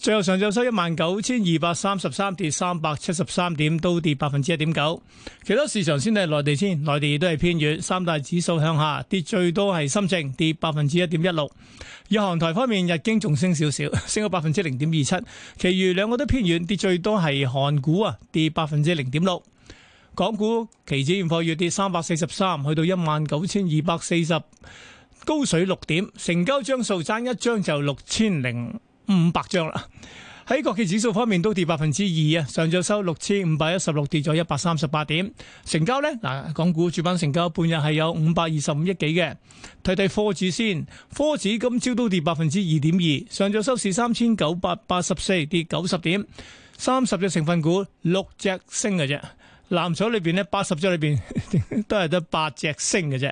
最後上晝收一萬九千二百三十三，跌三百七十三點，都跌百分之一點九。其他市場先睇內地先，內地亦都係偏軟，三大指數向下，跌最多係深證，跌百分之一點一六。以韓台方面，日經仲升少少，升咗百分之零點二七，其餘兩個都偏軟，跌最多係韓股啊，跌百分之零點六。港股期指現貨月跌三百四十三，去到一萬九千二百四十，高水六點，成交張數爭一張就六千零。五百張啦，喺國企指數方面都跌百分之二啊，上晝收六千五百一十六，跌咗一百三十八點。成交呢，嗱，港股主板成交半日係有五百二十五億幾嘅。睇睇科指先，科指今朝都跌百分之二點二，上晝收市三千九百八十四，跌九十點。三十隻成分股，六隻升嘅啫。藍籌裏邊呢，八十 隻裏邊都係得八隻升嘅啫。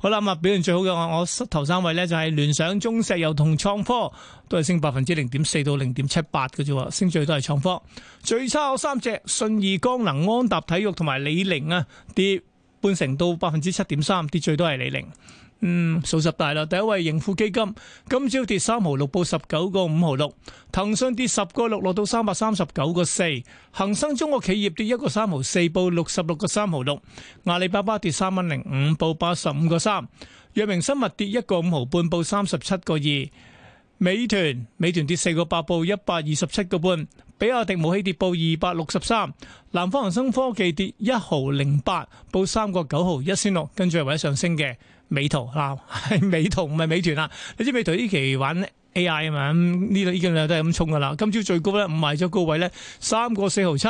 好啦，咁啊表現最好嘅我，我頭三位呢，就係聯想、中石油同創科，都係升百分之零點四到零點七八嘅啫。升最多係創科，最差嗰三隻，信義光能、安踏體育同埋李寧啊，跌半成到百分之七點三，跌最多係李寧。嗯，數十大啦。第一位盈富基金今朝跌三毫六，報十九個五毫六。騰訊跌十個六，落到三百三十九個四。恒生中國企業跌一個三毫四，報六十六個三毫六。阿里巴巴跌三蚊零五，報八十五個三。藥明生物跌一個五毫半，報三十七個二。美團美團跌四個八，報一百二十七個半。比亞迪武器跌報二百六十三。南方恒生科技跌一毫零八，報三個九毫一仙六，跟住係位上升嘅。美圖嗱，係美圖唔係美團啦，你知美圖呢期玩 A.I. 啊嘛，呢度依家兩都係咁衝噶啦。今朝最高咧，五賣咗高位咧，三個四毫七，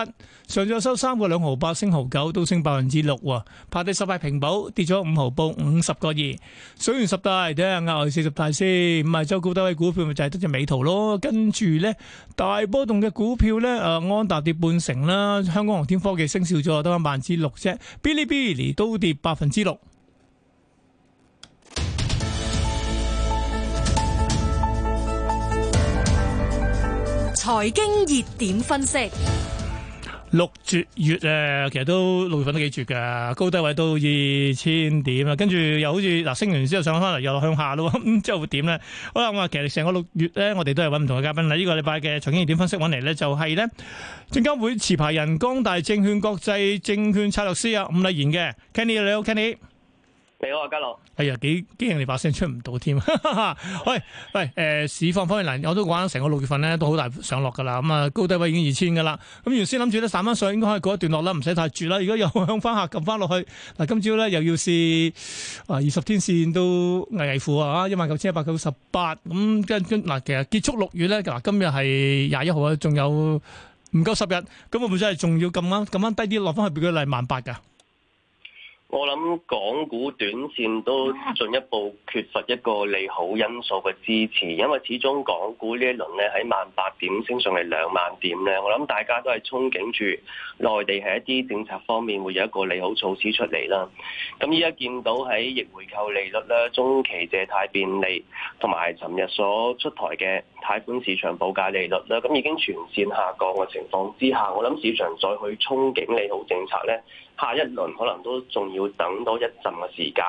上咗收三個兩毫八，升毫九，都升百分之六喎。拍低十塊平保，跌咗五毫，報五十個二。上完十大，睇下額外四十大先，五賣咗高位股票咪就係得隻美圖咯。跟住咧，大波動嘅股票咧，啊安達跌半成啦，香港航天科技升少咗得個萬之六啫，嗶哩嗶哩都跌百分之六。財經熱點分析，六絕月月誒，其實都六月份都幾絕噶，高低位都二千點啊，跟住又好似嗱升完之後上翻嚟又向下咯，咁 之後會點咧？好啦，我話其實成個六月咧，我哋都係揾唔同嘅嘉賓啦。呢、這個禮拜嘅財經熱點分析揾嚟咧，就係咧證監會持牌人光大證券國際證券策略師啊，伍禮賢嘅 Kenny，你好 Kenny。你好啊，嘉樂，係啊，幾驚你把聲出唔到添？喂喂，誒、呃，市況方面嚟，我都講成個六月份咧都好大上落噶啦，咁、嗯、啊高低位已經二千噶啦。咁、嗯、原先諗住咧散翻上，上，應該可以過一段落啦，唔使太住啦。如果又向翻下撳翻落去，嗱、啊、今朝咧又要試啊二十天綫都危危乎啊，一萬九千一百九十八。咁跟跟嗱，其實結束六月咧，嗱今日係廿一號啊，仲有唔夠十日，咁會唔會真係仲要咁啱咁啱低啲落翻去變個例萬八噶？我諗港股短線都進一步缺乏一個利好因素嘅支持，因為始終港股一輪呢一輪咧喺萬八點升上嚟兩萬點咧，我諗大家都係憧憬住內地係一啲政策方面會有一個利好措施出嚟啦。咁依家見到喺逆回購利率咧、中期借貸便利同埋尋日所出台嘅貸款市場報價利率咧，咁已經全線下降嘅情況之下，我諗市場再去憧憬利好政策咧。下一輪可能都仲要等多一陣嘅時間，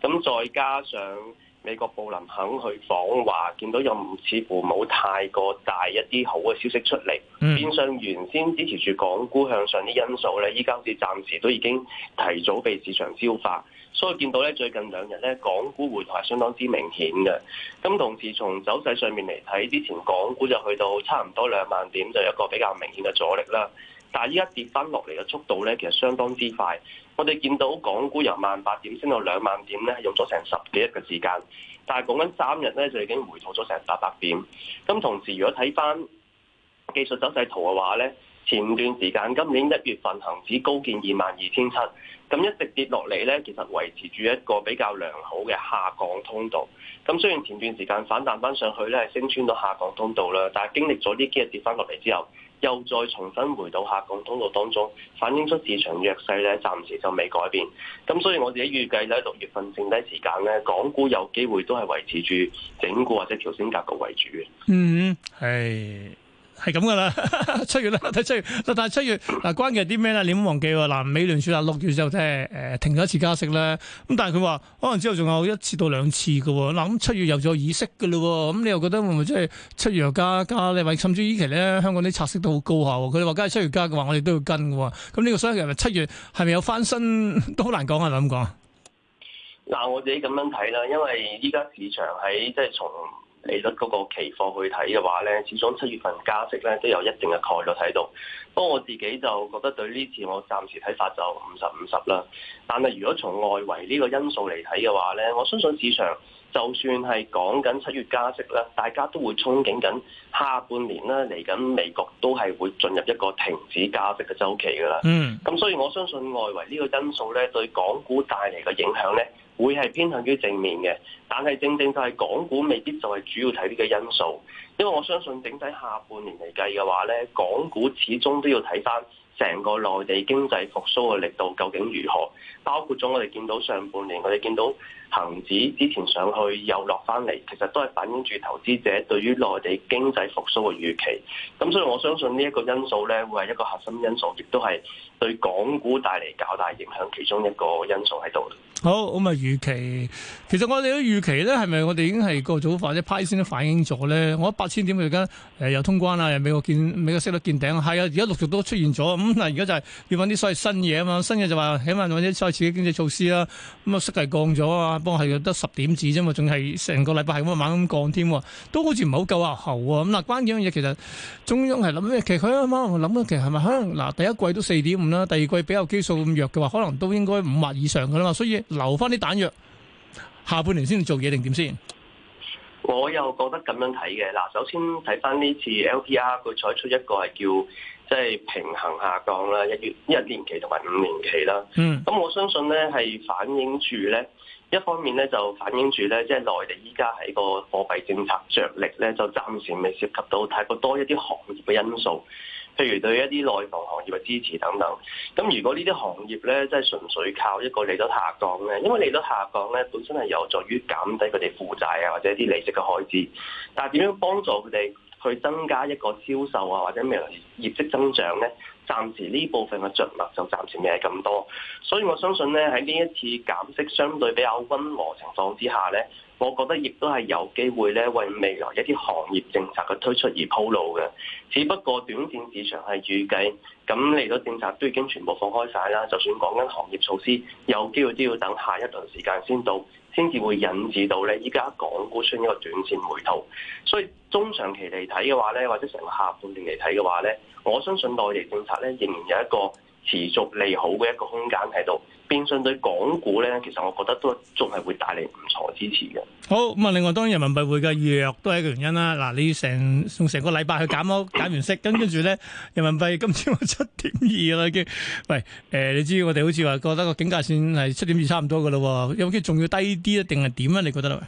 咁再加上美國布林肯去訪華，見到又似乎冇太過大一啲好嘅消息出嚟。嗯、變相原先支持住港股向上啲因素咧，依家好似暫時都已經提早被市場消化，所以見到咧最近兩日咧港股回落係，相當之明顯嘅，咁同時，從走勢上面嚟睇，之前港股就去到差唔多兩萬點就有個比較明顯嘅阻力啦。但係依家跌翻落嚟嘅速度咧，其實相當之快。我哋見到港股由萬八點升到兩萬點咧，用咗成十幾日嘅時間。但係講緊三日咧，就已經回吐咗成八百點。咁同時，如果睇翻技術走勢圖嘅話咧，前段時間今年一月份恆指高見二萬二千七，咁一直跌落嚟咧，其實維持住一個比較良好嘅下降通道。咁雖然前段時間反彈翻上去咧，係升穿咗下降通道啦，但係經歷咗呢幾日跌翻落嚟之後，又再重新回到下降通道當中，反映出市場弱勢咧，暫時就未改變。咁所以我自己預計咧，六月份剩低時間咧，港股有機會都係維持住整固或者調升格局為主嘅。嗯，係。係咁噶啦，七月啦，睇七月，但係七月嗱關鍵係啲咩咧？你唔好忘記，嗱，美聯儲啊，六月之後就即係誒停咗一次加息咧。咁但係佢話可能之後仲有一次到兩次嘅。嗱，咁七月又有咗議息嘅咯。咁你又覺得會唔會即係七月又加加咧？或甚至依期咧，香港啲拆息都好高下。佢哋話梗係七月加嘅話，我哋都要跟嘅。咁呢個所以其實七月係咪有翻身都好難講啊？咁講嗱，我自己咁樣睇啦，因為依家市場喺即係從。你得嗰個期貨去睇嘅話咧，始終七月份加息咧都有一定嘅概率喺度。不過我自己就覺得對呢次我暫時睇法就五十五十啦。但係如果從外圍呢個因素嚟睇嘅話咧，我相信市場就算係講緊七月加息咧，大家都會憧憬緊下半年啦，嚟緊美國都係會進入一個停止加息嘅周期㗎啦。嗯，咁所以我相信外圍呢個因素咧，對港股帶嚟嘅影響咧。會係偏向於正面嘅，但係正正就係港股未必就係主要睇呢個因素，因為我相信整體下半年嚟計嘅話咧，港股始終都要睇返成個內地經濟復甦嘅力度究竟如何，包括咗我哋見到上半年我哋見到。恒指之前上去又落翻嚟，其實都係反映住投資者對於內地經濟復甦嘅預期。咁所以我相信呢一個因素咧，會係一個核心因素，亦都係對港股帶嚟較大影響其中一個因素喺度。好，咁啊預期，其實我哋都預期咧，係咪我哋已經係個早或者派先都反映咗咧？我八千點而家誒又通關啦，又美國見美國息率見頂，係啊，而家陸續都出現咗。咁、嗯、嗱，而家就係要揾啲所謂新嘢啊嘛，新嘢就話起碼或者再次嘅經濟措施啦。咁、嗯、啊息係降咗啊幫係得十點字啫嘛，仲係成個禮拜係咁猛咁降添，都好似唔係好夠啊喉啊咁。嗱，關鍵樣嘢其實中央係諗咩？其實佢啱啱諗咧，其實係咪可能嗱？第一季都四點五啦，第二季比較基數咁弱嘅話，可能都應該五萬以上噶啦嘛。所以留翻啲彈藥，下半年先至做嘢定點先？我又覺得咁樣睇嘅嗱。首先睇翻呢次 LPR，佢採出一個係叫即係、就是、平衡下降啦，一月一年期同埋五年期啦。嗯，咁我相信咧係反映住咧。一方面咧就反映住咧，即係內地依家喺個貨幣政策着力咧，就暫時未涉及到太過多一啲行業嘅因素，譬如對一啲內房行業嘅支持等等。咁如果呢啲行業咧，即係純粹靠一個利率下降咧，因為利率下降咧，本身係有助於減低佢哋負債啊，或者啲利息嘅開支，但係點樣幫助佢哋？去增加一個銷售啊，或者未來業績增長咧，暫時呢部分嘅進量就暫時未係咁多，所以我相信咧喺呢一次減息相對比較温和情況之下咧。我覺得亦都係有機會咧，為未來一啲行業政策嘅推出而鋪路嘅。只不過短線市場係預計咁嚟到政策都已經全部放開晒啦。就算講緊行業措施，有機會都要等下一輪時間先到，先至會引致到咧。依家港股出現一個短線回吐，所以中長期嚟睇嘅話咧，或者成個下半年嚟睇嘅話咧，我相信內地政策咧仍然有一個，持續利好嘅一個空間喺度，變相對港股咧，其實我覺得都仲係會帶嚟唔錯支持嘅。好，咁啊，另外當然人民幣匯嘅弱都係一個原因啦。嗱，你成從成個禮拜去減息， 減完息咁跟住咧，人民幣今朝七點二啦。喂，誒、呃，你知我哋好似話覺得個警戒線係七點二差唔多嘅咯，有冇啲仲要低啲啊？定係點啊？你覺得咧？喂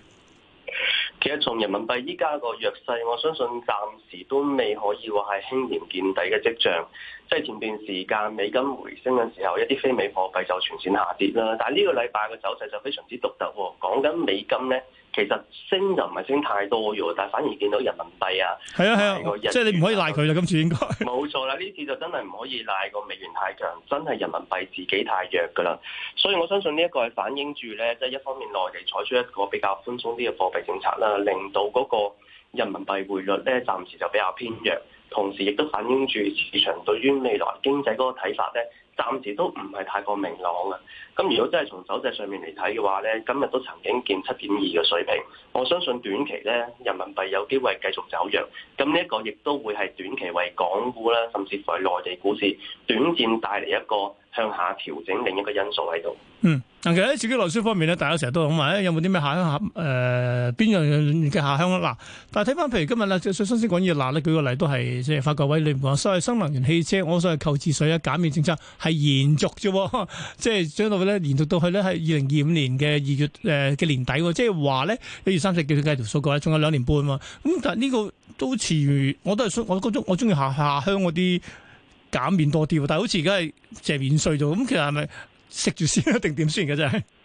其實從人民幣依家個弱勢，我相信暫時都未可以話係輕言見底嘅跡象。即係前段時間美金回升嘅時候，一啲非美貨幣就全線下跌啦。但係呢個禮拜嘅走勢就非常之獨特喎，講緊美金呢。其實升就唔係升太多喎，但係反而見到人民幣啊，係啊係啊，啊啊即係你唔可以賴佢啦，今次應該冇 錯啦。呢次就真係唔可以賴個美元太強，真係人民幣自己太弱㗎啦。所以我相信呢一個係反映住咧，即係一方面內地採取一個比較寬鬆啲嘅貨幣政策啦，令到嗰個人民幣匯率咧暫時就比較偏弱，同時亦都反映住市場對於未來經濟嗰個睇法咧。暫時都唔係太過明朗啊！咁如果真係從走勢上面嚟睇嘅話咧，今日都曾經見七點二嘅水平，我相信短期咧人民幣有機會繼續走弱，咁呢一個亦都會係短期為港股啦，甚至乎係內地股市，短暫帶嚟一個。向下調整另一個因素喺度。嗯，嗱，其實喺自己內需方面咧，大家成日都咁話咧，有冇啲咩下鄉？誒，邊樣嘅下鄉啦？但係睇翻，譬如今日啦，即新鮮講嘢嗱，咧舉個例都係即係發覺位你唔講，所謂新能源汽車，我所謂購置稅嘅減免政策係延續啫，即係將到咧延續到去咧係二零二五年嘅二月誒嘅、呃、年底，即係話咧一月三十叫佢計條數據，仲有兩年半喎。咁但係呢個都似於我都係我嗰種我中意下下鄉嗰啲。減免多啲但係好似而家係淨係免稅啫，咁其實係咪食住先定點先嘅啫？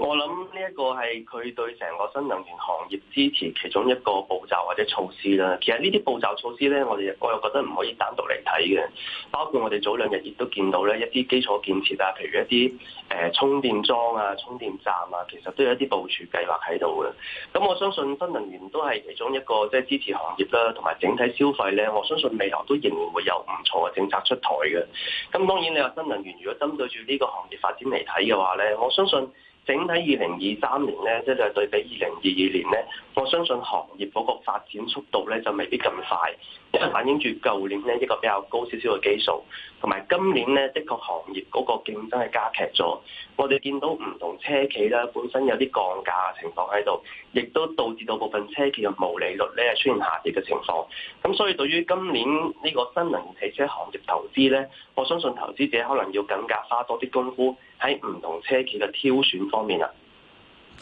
我諗呢一個係佢對成個新能源行業支持其中一個步驟或者措施啦。其實呢啲步驟措施咧，我哋我又覺得唔可以單獨嚟睇嘅。包括我哋早兩日亦都見到咧，一啲基礎建設啊，譬如一啲誒、呃、充電樁啊、充電站啊，其實都有一啲部署計劃喺度嘅。咁我相信新能源都係其中一個即係支持行業啦、啊，同埋整體消費咧，我相信未來都仍然會有唔錯嘅政策出台嘅。咁當然你話新能源如果針對住呢個行業發展嚟睇嘅話咧，我相信。整體二零二三年咧，即係就係對比二零二二年咧。我相信行業嗰個發展速度咧就未必咁快，因為反映住舊年呢一個比較高少少嘅基數，同埋今年咧，的確行業嗰個競爭係加劇咗。我哋見到唔同車企咧本身有啲降價嘅情況喺度，亦都導致到部分車企嘅毛利率咧出現下跌嘅情況。咁所以對於今年呢個新能源汽車行業投資咧，我相信投資者可能要更加花多啲功夫喺唔同車企嘅挑選方面啦。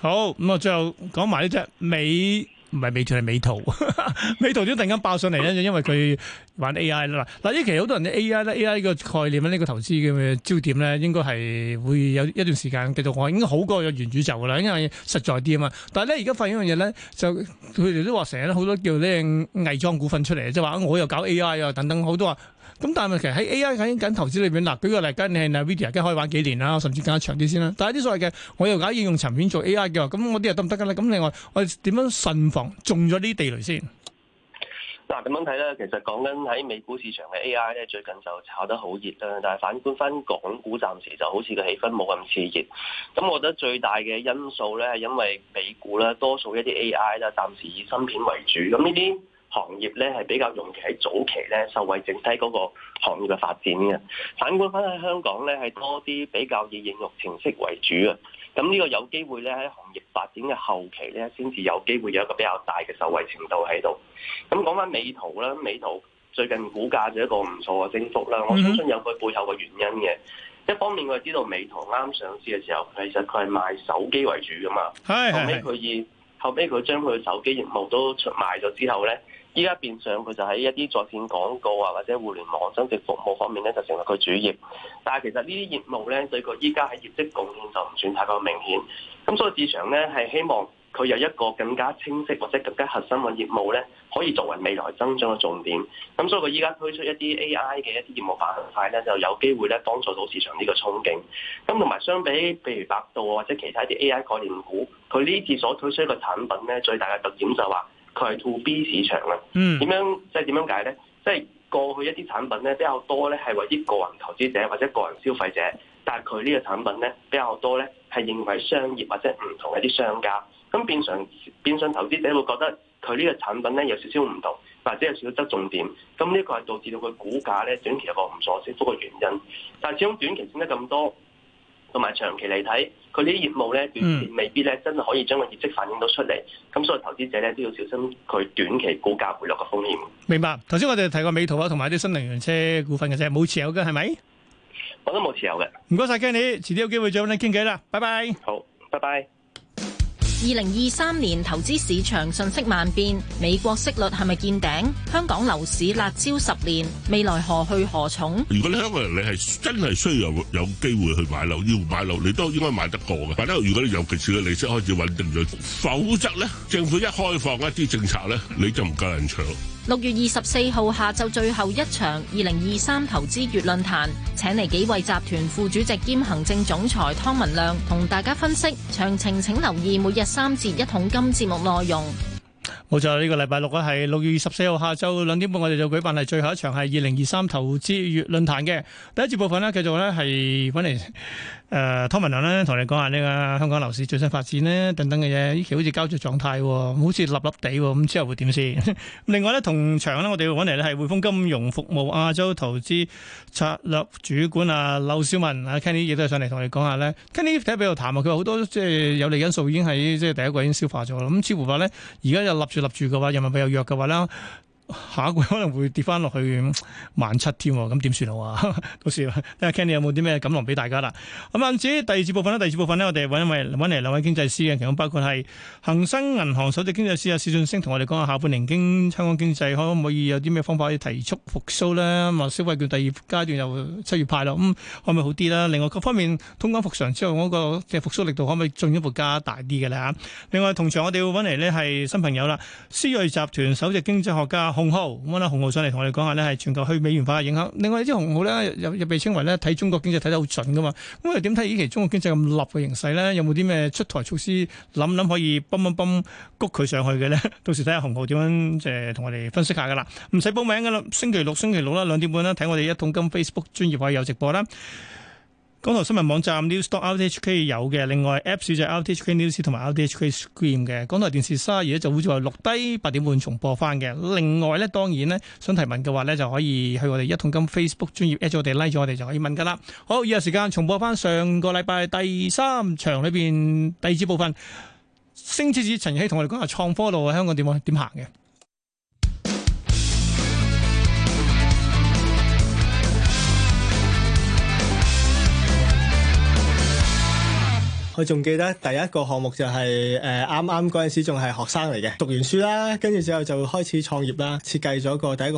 好，咁啊，最後講埋呢隻美，唔係美團，係 美圖，美圖都突然間爆上嚟咧，就因為佢玩 A I 啦。嗱，呢期好多人 A I 啦，A I 呢個概念咧，呢、呢個投資嘅焦點咧，應該係會有一段時間繼續開，應該好過元宇宙噶啦，因為實在啲啊嘛。但係咧，而家發現一樣嘢咧，就佢哋都話成日咧好多叫呢啲偽裝股份出嚟，即係話我又搞 A I 啊，等等好多啊。咁但係其實喺 A I 喺緊投資裏邊，嗱，舉個例，梗你係 NVIDIA，咁可以玩幾年啦，甚至更加長啲先啦。但係啲所謂嘅，我又搞應用層面做 A I 嘅，咁我啲又得唔得噶咧？咁另外，我哋點樣慎防中咗啲地雷先？嗱，咁樣睇咧，其實講緊喺美股市場嘅 A I 咧，最近就炒得好熱啊。但係反觀翻港股，暫時就好似個氣氛冇咁熾熱。咁我覺得最大嘅因素咧，係因為美股咧，多數一啲 A I 咧，暫時以芯片為主。咁呢啲。行業咧，係比較容其喺早期咧，受惠整體嗰個行業嘅發展嘅。反觀翻喺香港咧，係多啲比較以應用程式為主啊。咁呢個有機會咧喺行業發展嘅後期咧先至有機會有一個比較大嘅受惠程度喺度。咁講翻美圖啦，美圖最近股價就一個唔錯嘅升幅啦。我相信有佢背後嘅原因嘅。嗯、一方面佢知道美圖啱上市嘅時候其實佢係賣手機為主㗎嘛。係，係。後尾佢以後尾佢將佢手機業務都出賣咗之後咧，依家變相佢就喺一啲在線廣告啊，或者互聯網增值服務方面咧，就成為佢主業。但係其實呢啲業務咧，對佢依家喺業績貢獻就唔算太過明顯。咁所以市場咧係希望佢有一個更加清晰或者更加核心嘅業務咧，可以作為未來增長嘅重點。咁所以佢依家推出一啲 AI 嘅一啲業務板塊咧，就有機會咧幫助到市場呢個憧憬。咁同埋相比，比，譬如百度或者其他啲 AI 概念股，佢呢次所推出嘅產品咧，最大嘅特點就係話。佢係 to B 市場啊，點樣即係點樣解咧？即係過去一啲產品咧比較多咧係為啲個人投資者或者個人消費者，但係佢呢個產品咧比較多咧係認為商業或者唔同一啲商家，咁變相變相投資者會覺得佢呢個產品咧有少少唔同，或者有少少側重點，咁呢個係導致到佢股價咧短期有個唔錯升幅嘅原因，但係始終短期升得咁多，同埋長期嚟睇，佢呢啲業務咧，短期未必咧，真係可以將個業績反映到出嚟。咁、嗯、所以投資者咧都要小心佢短期股價回落嘅風險。明白。頭先我哋提過美圖啊，同埋啲新能源車股份嘅啫，冇持有嘅係咪？我都冇持有嘅。唔該晒，Ken，你遲啲有機會再揾你傾偈啦。拜拜。好，拜拜。二零二三年投資市場瞬息萬變，美國息率係咪見頂？香港樓市辣招十年，未來何去何從？如果你香港人，你係真係需要有機會去買樓，要買樓你都應該買得過嘅。但如果你尤其是個利息開始穩定咗，否則咧政府一開放一啲政策咧，你就唔夠人搶。六月二十四號下晝最後一場二零二三投資月論壇，請嚟幾位集團副主席兼行政總裁湯文亮同大家分析，詳情請留意每日三節一桶金節目內容。冇錯，呢、這個禮拜六啊，係六月二十四號下晝兩點半，我哋就舉辦係最後一場係二零二三投資月論壇嘅第一節部分呢，繼續咧係揾嚟誒湯文亮咧，同你講下呢個香港樓市最新發展呢等等嘅嘢，呢期好似膠著狀態喎、哦，好似立立地喎，咁之後會點先？ 另外咧同場咧，我哋會揾嚟咧係匯豐金融服務亞洲投資策略主管啊劉小文啊 Kenny 亦都上嚟同你講下咧，Kenny 睇下邊度談啊，佢好多即係有利因素已經喺即係第一季已經消化咗啦，咁似乎話咧而家就立。立住嘅話，人民幣又弱嘅話啦。下一個可能會跌翻落去萬七添，咁點算好啊？啊 到時聽下 Kenny 有冇啲咩錦囊俾大家啦。咁、嗯、至於第二節部分咧，第二節部分呢，我哋揾一位揾嚟兩位經濟師嘅，其中包括係恒生銀行首席經濟師啊，史俊升同我哋講下下半年經香港經濟可唔可以有啲咩方法可以提速復甦呢？話消費券第二階段又七月派咯，咁、嗯、可唔可以好啲啦？另外各方面通關復常之後嗰、那個即係復甦力度可唔可以進一步加大啲嘅呢？嚇！另外同場我哋要揾嚟呢係新朋友啦，思睿集團首席經濟學家。洪灝咁啦，洪灝、嗯、上嚟同我哋講下呢係全球去美元化嘅影響。另外支洪灝呢，又又被稱為呢睇中國經濟睇得好準㗎嘛。咁又點睇今期中國經濟咁立嘅形勢呢？有冇啲咩出台措施諗諗可以泵泵泵谷佢上去嘅呢？到時睇下洪灝點樣即係同我哋分析下㗎喇，唔使報名㗎喇，星期六星期六啦，兩點半啦，睇我哋一桶金 Facebook 專頁會有直播啦。港台新聞網站 news dot h k 有嘅，另外 app 就係 RTHK News 同埋 RTHK Screen 嘅。港台電視三，而家就會做埋錄低八點半重播翻嘅。另外咧，當然咧，想提問嘅話咧，就可以去我哋一桶金 Facebook 專頁，at 我哋 like 咗，我哋就可以問㗎喇。好，以下時間重播翻上個禮拜第三場裏邊第二節部分，星之子陳易希同我哋講下創科路喺香港點點行嘅。我仲記得第一個項目就係誒啱啱嗰陣時仲係學生嚟嘅，讀完書啦，跟住之後就開始創業啦，設計咗個第一個。